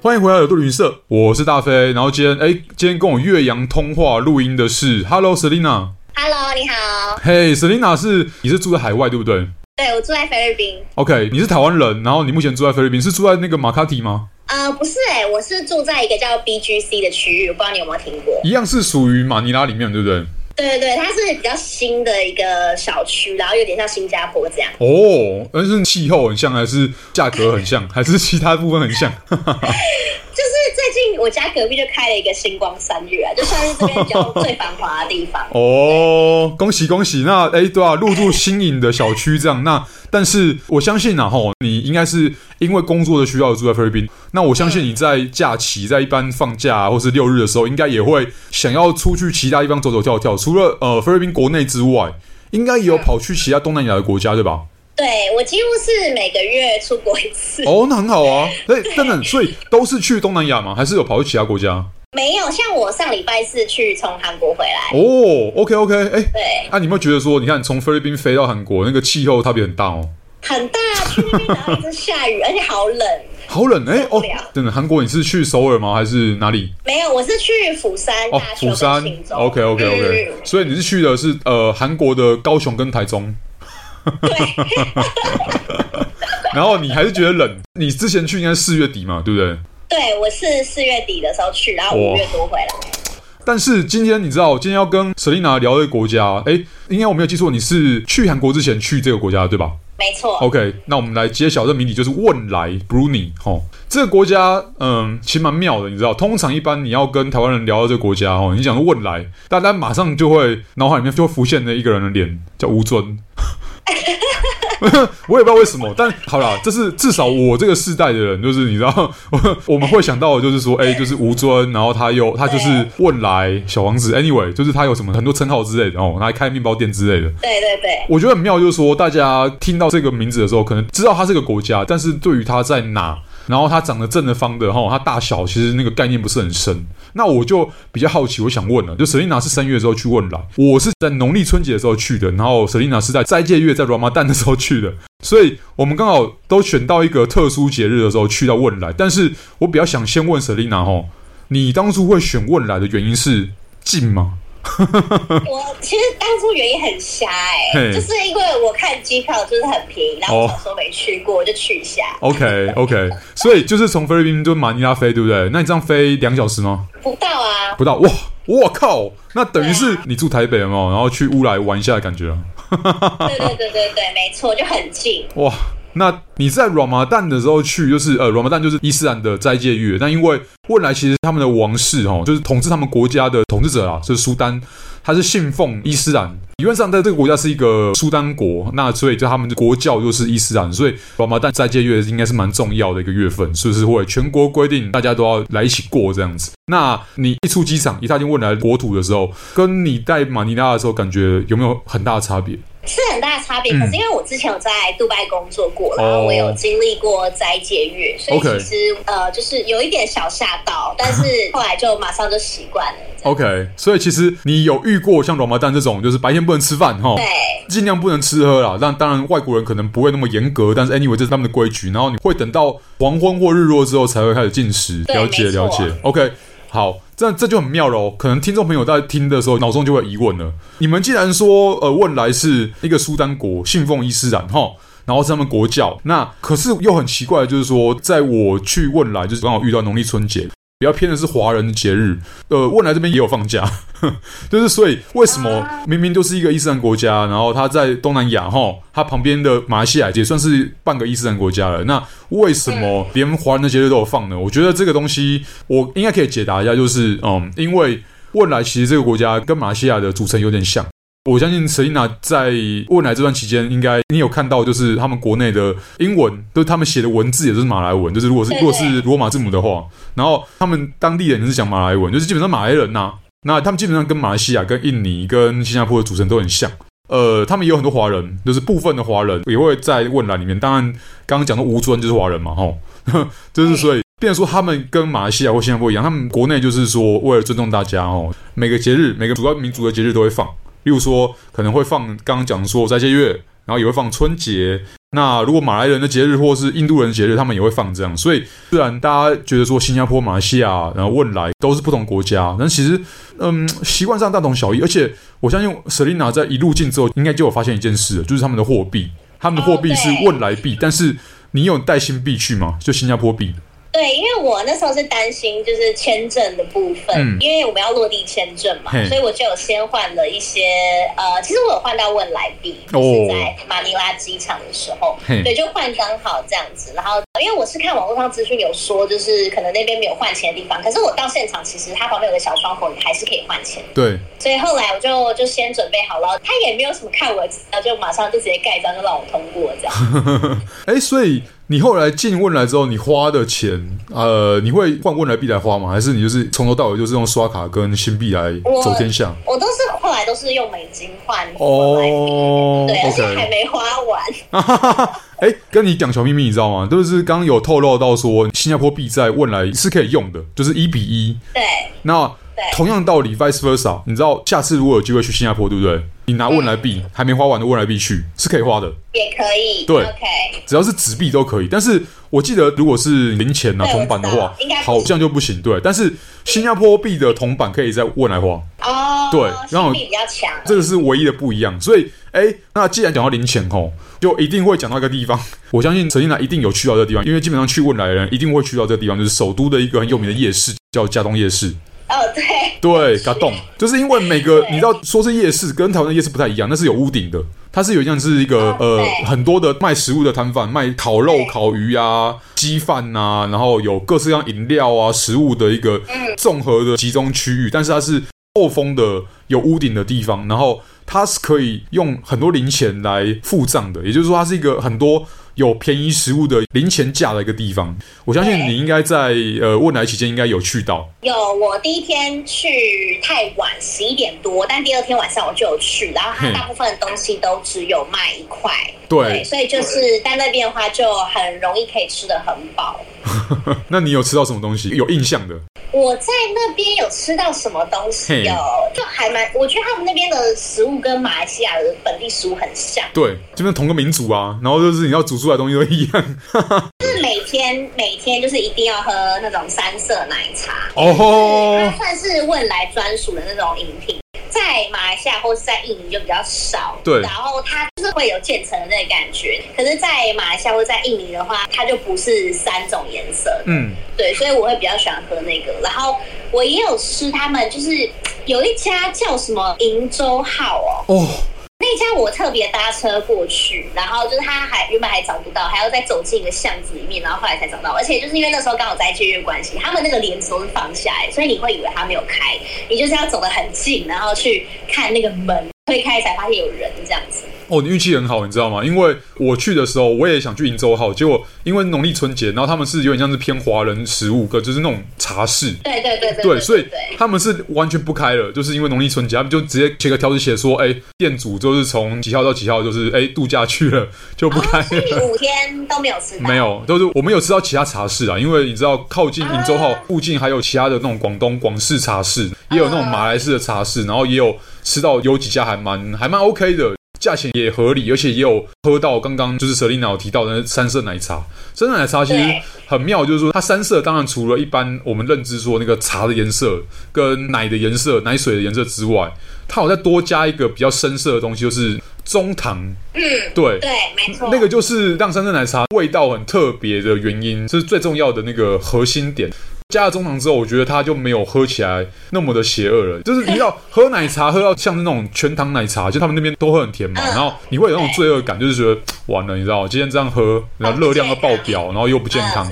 歡迎回來，有度旅社，我是大飛。然後今天，哎，今天跟我岳陽通話錄音的是，Hello Selina，Hello，你好，Hey Selina，是你是住在海外對不對？對我住在菲律賓，OK，你是台灣人，然後你目前住在菲律賓，是住在那個馬卡 i 嗎？呃，不是誒、欸、我是住在一個叫 BGC 的區域，我不知道你有沒有聽過，一樣是屬於馬尼拉裡面，對不對？對對對，它是比較新的一個小區，然後有點像新加坡這樣。哦，是氣候很像，還是價格很像， 還是其他部分很像？ 就是最近我家隔壁就開了一個星光三月啊，就算是這邊有最繁華的地方哦。恭喜恭喜！那哎、欸、對啊，入住新穎的小區這樣。 那但是我相信啊吼，你應該是因為工作的需要住在菲律賓。那我相信你在假期對在一般放假或是六日的時候，應該也會想要出去其他地方走走跳跳。除了呃菲律賓國內之外，應該也有跑去其他東南亞的國家，對吧？嗯對，我幾乎是每個月出國一次。哦，那很好啊！哎，真的，所以都是去東南亞嗎？還是有跑去其他國家？沒有，像我上禮拜是去從韓國回來。哦，OK OK，哎，對，那你有沒有覺得說，你看從菲律賓飛到韓國，那個氣候差別很大哦？很大，然後是下雨，而且好冷，好冷哎！哦，真的，韓國你是去首爾嗎？還是哪裡？沒有，我是去釜山。釜山，OK OK OK，所以你是去的是呃韓國的高雄跟台中。對， 然後你還是覺得冷。你之前去應該是四月底嘛，對不對？對，我是四月底的時候去，然後五月多回來。但是今天你知道，今天要跟 Selina 聊一個國家。哎、欸，應該我沒有記錯，你是去韓國之前去這個國家對吧？沒錯錯。OK，那我們來揭曉這謎底，就是汶萊 Brunei。這個國家嗯，其實蠻妙的。你知道，通常一般你要跟台灣人聊到這個國家哦，你講到汶萊，大家馬上就會腦海裡面就會浮現那一個人的臉，叫吳尊。 我也不知道為什麼，但好了，這是至少我這個世代的人，就是你知道，我們會想到的就是說，哎、欸，就是吳尊，然後他又他就是汶萊小王子，anyway，就是他有什麼很多稱號之類的哦，他還開面包店之類的。對對對，我覺得很妙，就是說大家聽到這個名字的時候，可能知道他是個國家，但是對於他在哪。然後它長得正的方的哈，它、哦、大小其實那個概念不是很深。那我就比較好奇，我想問了，就 Selina 是三月的時候去汶萊，我是在農曆春節的時候去的。然後 Selina 是在齋戒月，在 Ramadan 的時候去的，所以我們剛好都選到一個特殊節日的時候去到汶萊。但是我比較想先問 Selina 哈、哦，你當初會選汶萊的原因是近嗎？ 我其實當初原因很瞎哎、欸，Hey. 就是因為我看機票就是很便宜，然後我說沒去過、oh. 我就去一下。OK OK， 所以就是從菲律賓就馬尼拉飛，對不對？那你這樣飛兩小時嗎？不到啊，不到。哇，我靠，那等於是、啊、你住台北嗎？然後去烏來玩一下的感覺啊？ 對對對對對，沒錯，就很近。哇！那你在 Ramadan 的時候去，就是呃，Ramadan 就是伊斯蘭的齋戒月。那因為汶萊其實他們的王室哈，就是統治他們國家的統治者啊，就是蘇丹，他是信奉伊斯蘭。理論上，在這個國家是一個蘇丹國，那所以就他們的國教就是伊斯蘭，所以 Ramadan 齋戒月應該是蠻重要的一個月份，是不是會全國規定大家都要來一起過這樣子？那你一出機場，一踏進汶萊國土的時候，跟你在馬尼拉的時候，感覺有沒有很大的差別？是很大的差別，可是因為我之前有在杜拜工作過，嗯、然後我有經歷過齋戒月，哦、所以其實 okay, 呃，就是有一點小嚇到，呵呵，但是後來就馬上就習慣了。OK，所以其實你有遇過像 Ramadan 這種，就是白天不能吃飯哈，齁對，盡量不能吃喝啦。但當然外國人可能不會那麼嚴格，但是 anyway 這是他們的規矩，然後你會等到黃昏或日落之後才會開始進食。對了解。錯了解，OK。好，這這就很妙咯。哦，可能聽眾朋友在聽的時候，腦中就會疑問了：你們既然說，呃，汶萊是一個蘇丹國，信奉伊斯蘭哈，然後是他們國教，那可是又很奇怪，就是說，在我去汶萊，就是剛好遇到農曆春節。比較偏的是華人的節日，呃，汶萊這邊也有放假， 就是所以為什麼明明都是一個伊斯蘭國家，然後他在東南亞哈，他旁邊的馬來西亞也算是半個伊斯蘭國家了，那為什麼連華人的節日都有放呢？我覺得這個東西我應該可以解答一下，就是嗯，因為汶萊其實這個國家跟馬來西亞的組成有點像。我相信 Selina 在汶萊這段期間，應該你有看到，就是他們國內的英文，都、就是、他們寫的文字也都是馬來文，就是如果是如果是羅馬字母的話，然後他們當地人就是講馬來文，就是基本上馬來人吶、啊，那他們基本上跟馬來西亞、跟印尼、跟新加坡的組成都很像。呃，他們也有很多華人，就是部分的華人也會在汶萊裡面。當然，剛剛講的吳尊就是華人嘛，吼，就是所以，變成說他們跟馬來西亞或新加坡一樣，他們國內就是說為了尊重大家哦，每個節日、每個主要民族的節日都會放。例如說可能會放，剛剛講說齋戒月，然後也會放春節。那如果馬來人的節日或是印度人的節日，他們也會放這樣。所以，雖然大家覺得說新加坡、馬來西亞，然後汶萊，都是不同國家，但其實，嗯，習慣上大同小異。而且，我相信 Selina 在一路進之後，應該就有發現一件事了，就是他們的貨幣，他們的貨幣是汶萊幣，但是你有帶新幣去嗎？就新加坡幣？對，因為我那時候是擔心就是簽證的部分，嗯、因為我們要落地簽證嘛，嘿所以我就有先換了一些呃，其實我有換到汶萊幣，哦、就是在馬尼拉機場的時候，嘿對，就換剛好這樣子。然後因為我是看網絡上資訊有說，就是可能那邊沒有換錢的地方，可是我到現場其實它旁邊有個小窗口，你還是可以換錢。對。所以後來我就就先準備好了，他也沒有什麼看我，然後就馬上就直接蓋章就讓我通過這樣。哎、 欸，所以你後來進汶萊之後，你花的錢，呃，你會換汶萊幣來花嗎？還是你就是從頭到尾就是用刷卡跟新幣來走天下？我都是後來都是用美金換，哦，oh, okay. 對，還沒花完。哈哈哈！哎，跟你講小祕密，你知道嗎？就是剛剛有透露到說，新加坡幣在汶萊是可以用的，就是一比一。對，那。同樣道理，vice versa，你知道下次如果有機會去新加坡，對不對？你拿汶萊幣還沒花完的汶萊幣去是可以花的，也可以。對，OK，只要是紙幣都可以。但是我記得，如果是零錢啊，銅板的話，好像就不行。對，但是新加坡幣的銅板可以在汶萊花。哦，對，然後這個是唯一的不一樣。所以，哎，那既然講到零錢吼，就一定會講到一個地方。我相信 Selina 一定有去到這個地方，因為基本上去汶萊的人一定會去到這個地方，就是首都的一個很有名的夜市，叫加東夜市。哦，oh, 對，對，加東是，就是因為每個對你知道，對說是夜市，跟台灣的夜市不太一樣，那是有屋頂的，它是有一樣是一個、oh, 呃對很多的賣食物的攤販，賣烤肉、對烤魚啊、雞飯吶、啊，然後有各式各樣飲料啊、食物的一個綜合的集中區域，但是它是透風的、有屋頂的地方，然後它是可以用很多零錢來付賬的，也就是說，它是一個很多。有便宜食物的零錢價的一個地方，我相信你應該在對，呃，問奶期間應該有去到。有，我第一天去太晚，十一點多，但第二天晚上我就有去，然後它大部分的東西都只有賣一塊，對，對對，所以就是在那邊的話，就很容易可以吃得很飽。 那你有吃到什麼東西有印象的？我在那邊有吃到什麼東西哦，嘿就還蠻……我覺得他們那邊的食物跟馬來西亞的本地食物很像。對，就是同個民族啊，然後就是你要煮出來的東西都一樣。 就是每天每天就是一定要喝那種三色奶茶哦，oh、它算是汶萊專屬的那種飲品。在馬來西亞或是在印尼就比較少，對，然後它就是會有漸層的那感覺。可是，在馬來西亞或在印尼的話，它就不是三種顏色，嗯，對，所以我會比較喜歡喝那個。然後我也有吃他們，就是有一家叫什麼“瀛洲號”哦。哦，那家我特別搭車過去，然後就是他還原本還找不到，還要再走進一個巷子裡面，然後後來才找到。而且就是因為那時候剛好在齋戒月關係，他們那個簾子是放下來，所以你會以為他沒有開，你就是要走得很近，然後去看那個門推開才發現有人這樣子。哦，你運氣很好，你知道嗎？因為我去的時候，我也想去瀛洲號，結果因為農曆春節，然後他們是有點像是偏華人食物，可就是那種茶室。對對對對,對。對,對,對,對，所以他們是完全不開了，就是因為農曆春節，他們就直接寫個條子寫說，哎、欸，店主就是從幾號到幾號就是哎、欸、度假去了，就不開。哦、第五天都沒有吃。沒有，都、就是我們有吃到其他茶室啊，因為你知道靠近瀛洲號附近還有其他的那種廣東廣式茶室，嗯、也有那種馬來式的茶室，然後也有吃到有幾家還蠻還蠻 OK 的。價錢也合理，而且也有喝到剛剛就是 Selina 提到的三色奶茶。三色奶茶其實很妙，就是說對它三色，當然除了一般我們認知說那個茶的顏色、跟奶的顏色、奶水的顏色之外，它有再多加一個比較深色的東西，就是中糖。嗯，對對，對沒錯錯，那個就是讓三色奶茶味道很特別的原因，就是最重要的那個核心點。加了中糖之後，我覺得它就沒有喝起來那麼的邪惡了。就是你要喝奶茶，喝到像是那種全糖奶茶，就他們那邊都會很甜嘛。然後你會有那種罪惡感，就是覺得完了，你知道，今天這樣喝，然後熱量要爆表，然後又不健康。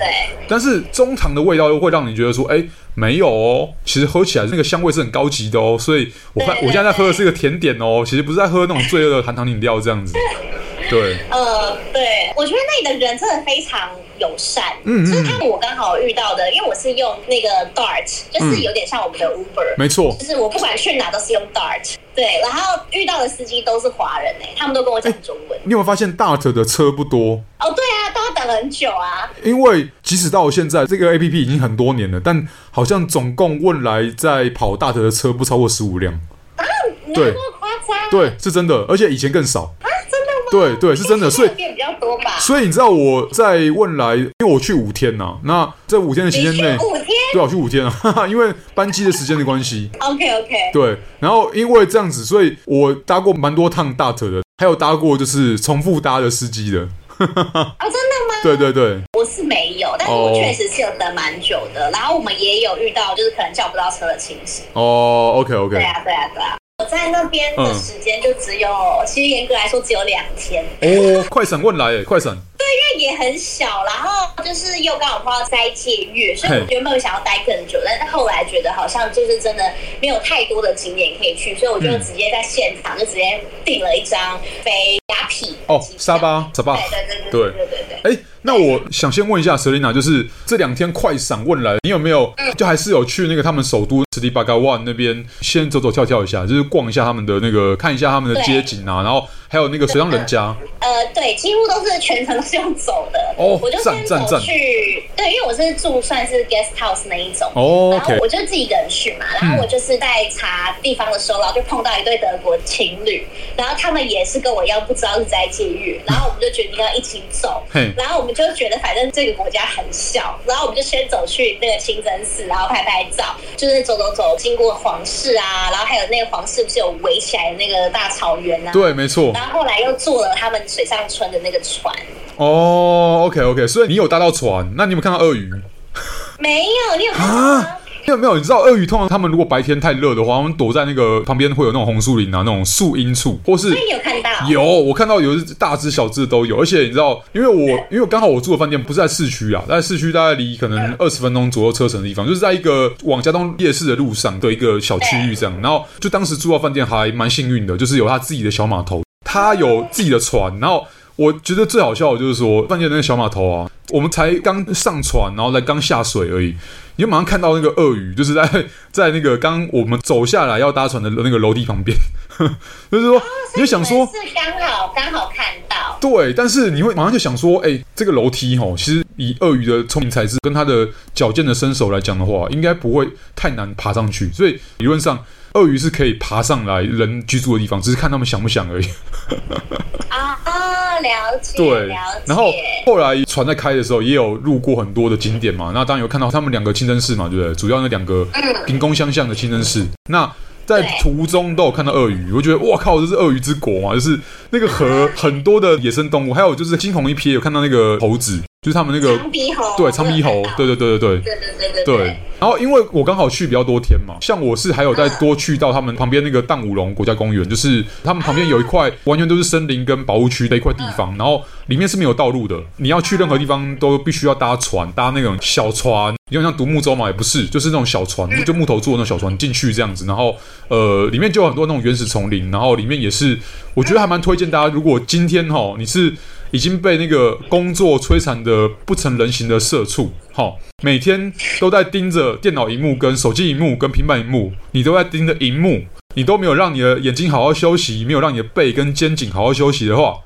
但是中糖的味道又會讓你覺得說，哎，沒有哦，其實喝起來那個香味是很高級的哦。所以我看我現在在喝的是一個甜點哦，其實不是在喝那種罪惡的含糖飲料這樣子。對，呃，對，我覺得那裡的人真的非常友善，嗯，就是他們我剛好遇到的，因為我是用那個 Dart，就是有點像我們的 Uber，嗯、沒錯，就是我不管去哪都是用 Dart，對，然後遇到的司機都是華人呢、欸，他們都跟我講中文、欸。你有沒有發現大 t 的車不多？哦，對啊，都要等很久啊。因為即使到現在這個 A P P 已經很多年了，但好像總共問來在跑大 t 的車不超過十五輛。啊，有有那麼誇張？對誇張，對，是真的，而且以前更少。對對，是真的。所以所以你知道我在汶萊，因為我去五天啊。那這五天的時間內，五天對啊，我去五天啊哈哈，因為班機的時間的關係。 OK OK。對，然後因為這樣子，所以我搭過蠻多趟大車的，還有搭過就是重複搭的司機的。哈哈，哦，真的嗎？對對對，我是沒有，但是我確實是有等蠻久的。哦，然後我們也有遇到就是可能叫不到車的情形。哦，OK OK。對啊對啊對啊。對啊對啊我在那邊的時間就只有，嗯、其實嚴格來說只有兩天。哦， 快閃汶萊、欸，哎，快閃。對，因為也很小，然後就是又剛好在齋戒月，所以原本想要待更久，嘿但後來覺得好像就是真的沒有太多的景點可以去，所以我就直接、嗯、在現場就直接訂了一張飛亞庇哦，沙巴，沙巴，對對對對對對，哎、欸。那我想先問一下 Selina，就是這兩天快閃汶萊，你有沒有就還是有去那個他們首都斯里巴加灣那邊先走走跳跳一下，就是逛一下他們的那個，看一下他們的街景啊，對然後還有那個水上人家。呃，對，幾乎都是全程都是用走的哦。我就站。去，哦、對，因為我是住算是 guest house 那一種，哦、然後我就自己一個人去嘛，嗯、然後我就是在查地方的時候，然後就碰到一對德國情侶，然後他們也是跟我一樣不知道是在監獄，嗯、然後我們就決定要一起走，嘿然後我們。就覺得反正這個國家很小，然後我們就先走去那個清真寺，然後拍拍照，就是走走走，經過皇室啊，然後還有那個皇室不是有圍起來的那個大草原呢？啊？對，沒錯。然後後來又坐了他們水上村的那個船。哦、oh，OK OK，所以你有搭到船，那你有沒有看到鱷魚？ 沒有，你有看到嗎？沒有沒有，你知道鱷魚通常他們如果白天太熱的話，他們躲在那個旁邊會有那種紅樹林啊，那種樹蔭處，或是有看有，我看到有大隻小隻都有，而且你知道，因為我因為剛好我住的飯店不是在市區啊，在市區大概離可能二十分鐘左右車程的地方，就是在一個往加東夜市的路上的一個小區域這樣。然後就當時住到飯店還蠻幸運的，就是有他自己的小碼頭，他有自己的船。然後我覺得最好笑的就是說，飯店的那個小碼頭啊，我們才剛上船，然後才剛下水而已。你就馬上看到那個鱷魚，就是在在那個剛我們走下來要搭船的那個樓梯旁邊，呵，就是說，你就想說是、哦、剛好剛好看到，對，但是你會馬上就想說，哎、欸，這個樓梯齁，其實以鱷魚的聰明才智跟它的矯健的身手來講的話，應該不會太難爬上去，所以理論上，鱷魚是可以爬上來人居住的地方，只是看他們想不想而已。 啊啊，了解。了解，對，然後後來船在開的時候，也有路過很多的景點嘛。那當然有看到他們兩個清真寺嘛，對不對？主要那兩個平共相向的清真寺。那在途中都有看到鱷魚，我覺得哇靠，這是鱷魚之國嘛，就是那個河很多的野生動物，還有就是驚鴻一瞥有看到那個猴子。就是他們那個，喉對長鼻猴，對對對對對，對對對對對。然後因為我剛好去比較多天嘛，像我是還有再多去到他們旁邊那個淡布隆國家公園，就是他們旁邊有一塊完全都是森林跟保護區的一塊地方，嗯、然後裡面是沒有道路的，你要去任何地方都必須要搭船，搭那種小船，你就像獨木舟嘛，也不是，就是那種小船，就木頭做的那種小船進去這樣子。然後呃，裡面就有很多那種原始叢林，然後裡面也是，我覺得還蠻推薦大家，如果今天哈你是已經被那個工作摧殘的不成人形的社畜，齁，每天都在盯着電腦螢幕，跟手機螢幕，跟平板螢幕，你都在盯着螢幕，你都沒有讓你的眼睛好好休息，沒有讓你的背跟肩頸好好休息的話，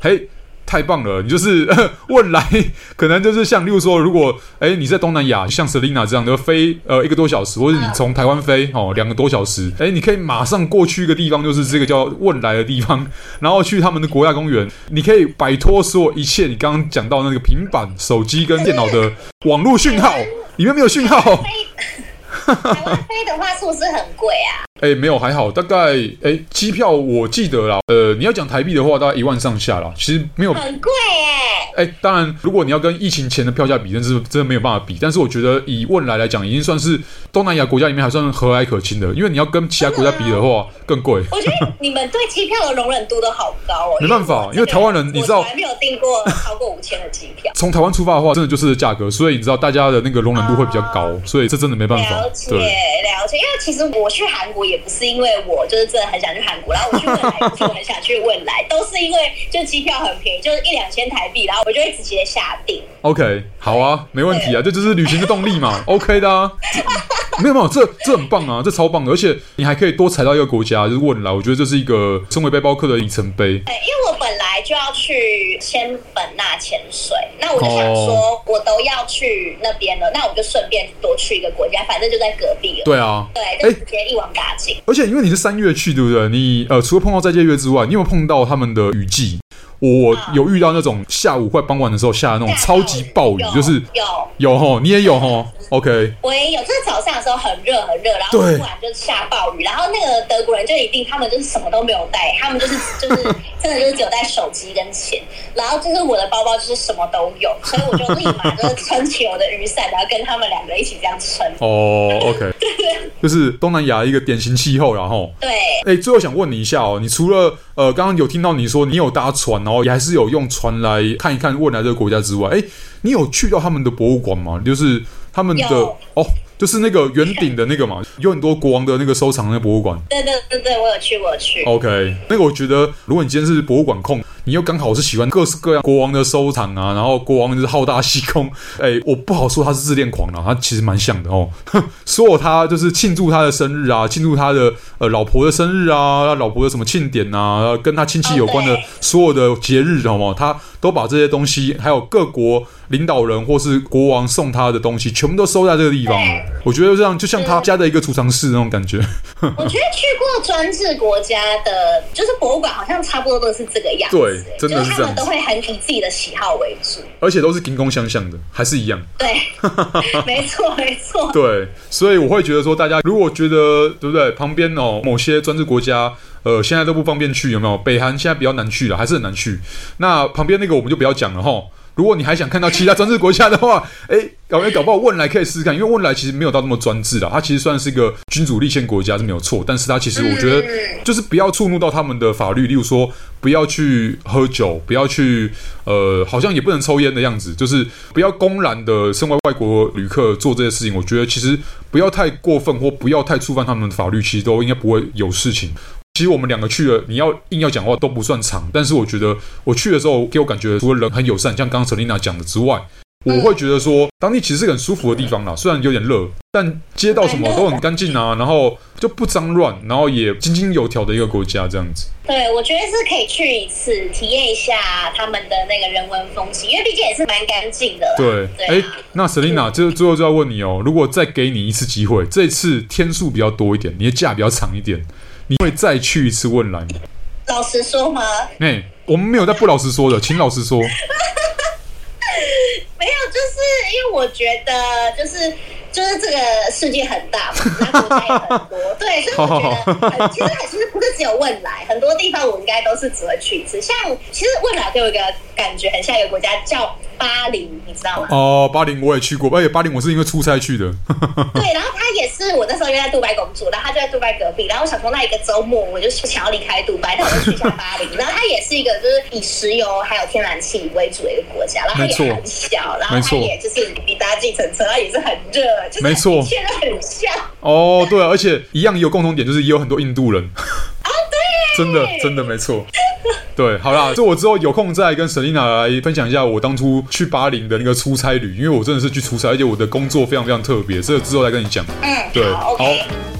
嘿。太棒了！你就是汶萊，可能就是像，例如說，如果哎、欸、你在東南亞，像 Selina 這樣的飛，呃，一個多小時，或者你從台灣飛哦，兩、喔、個多小時，哎、欸，你可以馬上過去一個地方，就是這個叫汶萊的地方，然後去他們的國家公園，你可以擺脫所有一切。你剛剛講到那個平板、手機跟電腦的網絡訊號，台灣，裡面沒有訊號。台灣飛，台灣飛的話是不是很貴啊？哎、欸，沒有，還好，大概哎，機、欸、票我記得了。呃你要講台幣的話，大概一萬上下啦。其實沒有很貴耶、啊。哎，當然，如果你要跟疫情前的票價比，真是真的沒有辦法比。但是我覺得以汶萊來講，已經算是東南亞國家裡面還算和藹可親的。因為你要跟其他國家比的話，的啊、更貴。我覺得你們對機票的容忍度都好高哦。沒辦法，因為,因為台灣人我才 你知道還沒有訂過超過五千的機票。從台灣出發的話，真的就是價格。所以你知道大家的那個容忍度會比較高，哦、所以這真的沒辦法。了解對了解，因為其實我去韓國也不是因為我就是真的很想去韓國，然後我去汶來就 很想去汶萊，都是因為就機票很便宜，就是一兩千台幣，然後。我就會直接下定。OK，好啊，沒問題啊，對這就是旅行的動力嘛。 OK 的、啊，沒有沒有，這這很棒啊，這超棒的。而且你還可以多踩到一個國家、啊。就是、問啦、啊，我覺得這是一個身為背包客的里程碑。哎，因為我本來就要去仙本那潛水，那我就想說我都要去那邊了，那我就順便多去一個國家，反正就在隔壁了。對啊，對，哎，直接一網打盡、欸。而且因為你是三月去，對不對？你呃，除了碰到齋戒月之外，你有，沒有碰到他們的雨季？我有遇到那種下午快傍晚的時候下的那種超級暴雨，有就是有有吼，你也有吼對，OK，我也有，就是早上的時候很熱很熱，然後突然就下暴雨，對然後那個德國人就一定他們就是什麼都沒有帶，他們就是就是真的就是只有帶手機跟錢， 然後就是我的包包就是什麼都有，所以我就立馬就是撐起我的雨傘，然後跟他們兩個一起這樣撐。哦、oh,，OK， 對，就是東南亞一個典型氣候，然後對，哎、欸，最後想問你一下哦，你除了呃，剛剛有聽到你說你有搭船。然後也還是有用船來看一看汶萊這個國家之外，哎，你有去到他們的博物館嗎？就是他們的有哦，就是那個圓頂的那個嘛，有很多國王的那個收藏的那博物館。對對對對，我有去我有去。OK，那個我覺得，如果你今天是博物館控。你又剛好是喜歡各式各樣國王的收藏啊，然後國王就是好大喜功，哎、欸，我不好說他是自戀狂了，啊，他其實蠻像的哦。哼，所有他就是慶祝他的生日啊，慶祝他的呃老婆的生日啊，他老婆的什麼慶典啊，跟他親戚有關的所有的節日，好不，哦？他都把這些東西，還有各國領導人或是國王送他的東西，全部都收在這個地方。對我覺得這樣就像他家的一個儲藏室那種感覺。哼，我覺得去過專制國家的，就是博物館，好像差不多都是這個樣。對。對，真的是這樣子，都會很以自己的喜好為主，而且都是憑空想像的，還是一樣。對， 沒錯，沒錯。對，所以我會覺得說，大家如果覺得對不對，旁邊哦某些專制國家，呃，現在都不方便去，有沒有？北韓現在比較難去了，還是很難去。那旁邊那個我們就不要講了哈。如果你還想看到其他專制國家的話，誒，搞也搞不好。汶萊可以試試看，因為汶萊其實沒有到那麼專制的，他其實算是一個君主立憲國家是沒有錯。但是他其實我覺得，就是不要觸怒到他們的法律，例如說不要去喝酒，不要去呃，好像也不能抽煙的樣子，就是不要公然的身為外，外國旅客做這些事情。我覺得其實不要太過分，或不要太觸犯他們的法律，其實都應該不會有事情。其實我們兩個去了，你要硬要講話都不算長。但是我覺得我去的時候給我感覺，除了人很友善，像剛剛 Selina 講的之外，我會覺得說當地其實是很舒服的地方啦。嗯、雖然有點熱，但街道什麼都很乾淨啊，然後就不髒亂，然後也井井有條的一個國家這樣子。對，我覺得是可以去一次，體驗一下他們的那個人文風情，因為畢竟也是蠻乾淨的。對，哎、啊欸，那 Selina 就最後就要問你哦，如果再給你一次機會，這次天數比較多一點，你的假比較長一點。你會再去一次汶萊嗎？老實說嗎？哎、欸，我們沒有在不老實說的，請老實說。 沒有，就是因為我覺得，就是就是這個世界很大嘛，國家也很多， 對，所以我覺得好好、嗯、其實其實不是只有汶萊，很多地方我應該都是只會去一次。像其實汶萊給我一個感覺，很像一個國家叫。巴林，80, 你知道嗎？哦，巴林我也去過，而且巴林我是因為出差去的。 對，然後他也是我那時候約在杜拜工作，然後他就在杜拜隔壁。然後我想說那一個周末，我就是想要離開杜拜，然後就去一下巴林。 然後它也是一個就是以石油還有天然氣為主的一個國家，然後他也很小，沒錯然後也就是你錯搭計程車，它也是很熱，就是沒錯，真的很像。哦，對啊， 而且一樣也有共同點，就是也有很多印度人。啊，對，真的真的沒錯。對，好啦，這我之後有空再來跟 Selina 來分享一下我當初去巴林的那個出差旅，因為我真的是去出差，而且我的工作非常非常特別，這個、之後再跟你講。嗯，對，好。Okay. 好。